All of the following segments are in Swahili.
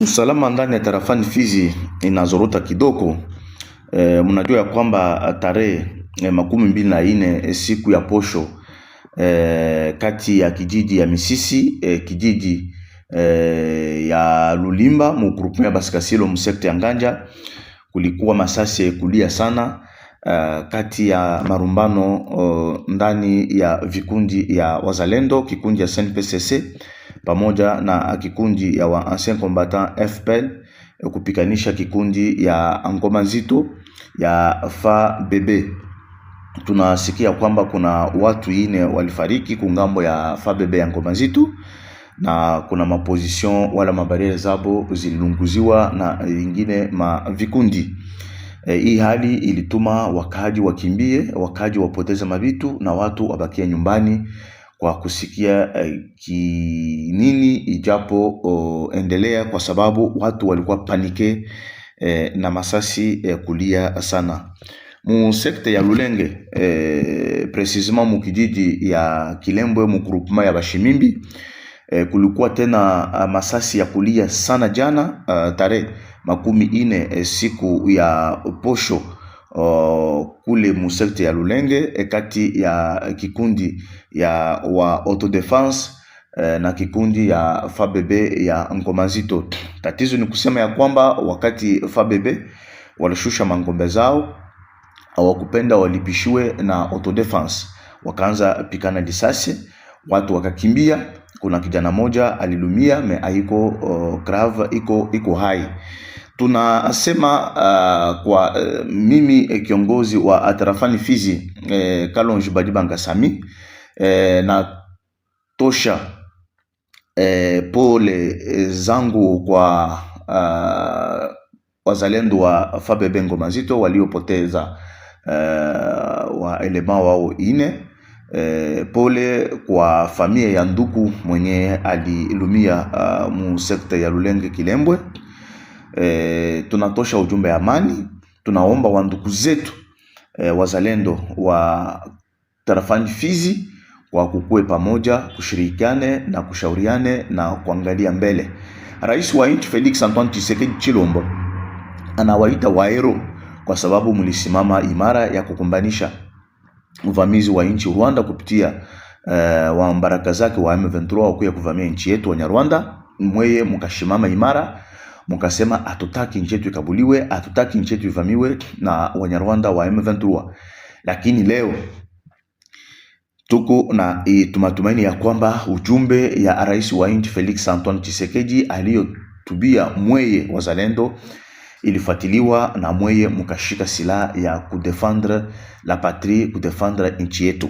Usalama ndani ya tarafani Fizi inazorota kidogo. E, eh, mnajua ya kwamba tarehe e, makumi mbili na e, siku ya posho e, kati ya kijiji ya Misisi e, kijiji e, ya Lulimba mugrupu ya Basikasilo msekta ya Nganja kulikuwa masasi kulia sana e, kati ya marumbano o, oh, ndani ya vikundi ya wazalendo kikundi ya SNPCC pamoja na kikundi ya wa ancien combattant FPL e kupikanisha kikundi ya ngoma nzito ya FABB. Tunasikia kwamba kuna watu ine walifariki kungambo ya FABB ya ngoma nzito na kuna maposition wala mabariere zabo zililunguziwa na ingine ma vikundi. E, hii hali ilituma wakaji wakimbie, wakaji wapoteza mavitu na watu wabakie nyumbani kwa kusikia eh, kinini ijapo endelea, kwa sababu watu walikuwa panike eh, na masasi eh, kulia sana mu sekte ya Lulenge eh, precisement mu kijiji ya Kilembwe mu groupement ya Bashimimbi eh, kulikuwa tena ah, masasi ya kulia sana jana, uh, tarehe makumi ine eh, siku ya posho uh, kule musekte ya Lulenge eh, kati ya eh, kikundi ya wa autodefense eh, na kikundi ya FABB ya Ngomazito. Tatizo ni kusema ya kwamba wakati FABB walishusha mangombe zao hawakupenda walipishiwe na autodefense, wakaanza pikana disasi watu wakakimbia. Kuna kijana moja alilumia me haiko uh, oh, grave iko iko hai tunasema uh, kwa uh, mimi eh, kiongozi wa atarafani Fizi eh, Kalonji Badibanga Sami eh, na tosha eh, pole eh, zangu kwa uh, wazalendo wa Fabe Bengo Mazito waliopoteza uh, waelema wao ine eh, pole kwa familia ya nduku mwenye alilumia uh, mu sekta ya Lulenge Kilembwe e, tunatosha ujumbe ya amani. Tunaomba wandugu zetu e, wazalendo wa tarafani Fizi wa kukue pamoja, kushirikiane na kushauriane na kuangalia mbele. Rais wa nchi Felix Antoine Tshisekedi Chilombo anawaita waero kwa sababu mlisimama imara ya kukumbanisha uvamizi wa nchi Rwanda kupitia uh, eh, wambaraka zake wa M23 wakuya kuvamia nchi yetu Wanyarwanda, mweye mkashimama imara mukasema hatutaki nchi yetu ikabuliwe, hatutaki nchi yetu ivamiwe na Wanyarwanda wa M23, lakini leo tuko na e, tumatumaini ya kwamba ujumbe ya rais wa nchi Felix Antoine Tshisekedi aliyotubia mweye wazalendo ilifuatiliwa na mweye mukashika silaha ya kudefendre la patrie, kudefendre nchi yetu.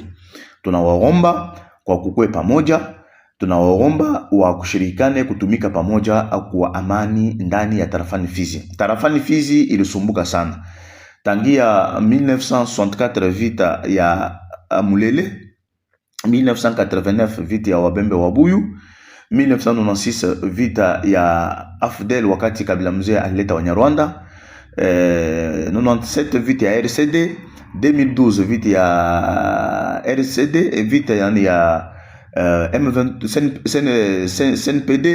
Tunawaomba kwa kukwe pamoja tunawaomba wakushirikane kutumika pamoja kwa amani ndani ya tarafani Fizi. Tarafani Fizi ilisumbuka sana tangia 1964 vita ya Mulele, 1989 vita ya Wabembe wa buyu 1996 vita ya Afdel wakati Kabila mzee alileta Wanyarwanda, eh, 97 vita ya RCD, 2012 vita ya RCD, vita yani ya M20, CN, CN, CN, CNPD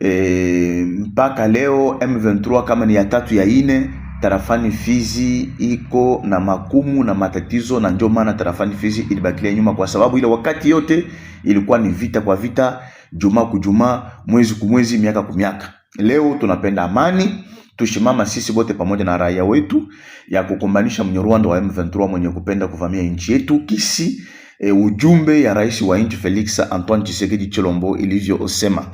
e, mpaka leo M23 kama ni ya tatu ya ine tarafani Fizi iko na makumu na matatizo, na ndio maana tarafani Fizi ilibakilia nyuma, kwa sababu ile wakati yote ilikuwa ni vita kwa vita, juma kujuma, mwezi kumwezi, miaka kumiaka. Leo tunapenda amani, tushimama sisi bote pamoja na raia wetu ya kukumbanisha mnyorwando wa M23 mwenye kupenda kuvamia nchi yetu kisi e, ujumbe ya rais wa nchi Felix Antoine Tshisekedi Chilombo ilivyosema,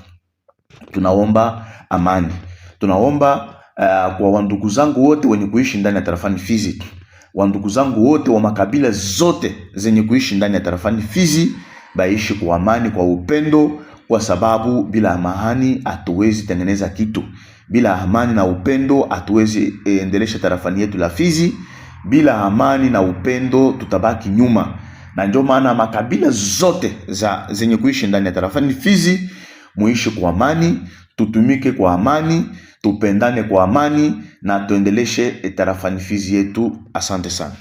tunaomba amani, tunaomba uh, kwa wandugu zangu wote wenye kuishi ndani ya tarafani Fizi, wandugu zangu wote wa makabila zote zenye kuishi ndani ya tarafani Fizi baishi kwa amani, kwa upendo, kwa sababu bila amani hatuwezi tengeneza kitu. Bila amani na upendo hatuwezi eh, endelesha tarafani yetu la Fizi. Bila amani na upendo tutabaki nyuma na ndio maana makabila zote za zenye kuishi ndani ya tarafani Fizi, muishi kwa amani, tutumike kwa amani, tupendane kwa amani na tuendeleshe eh, ni Fizi yetu. Asante sana.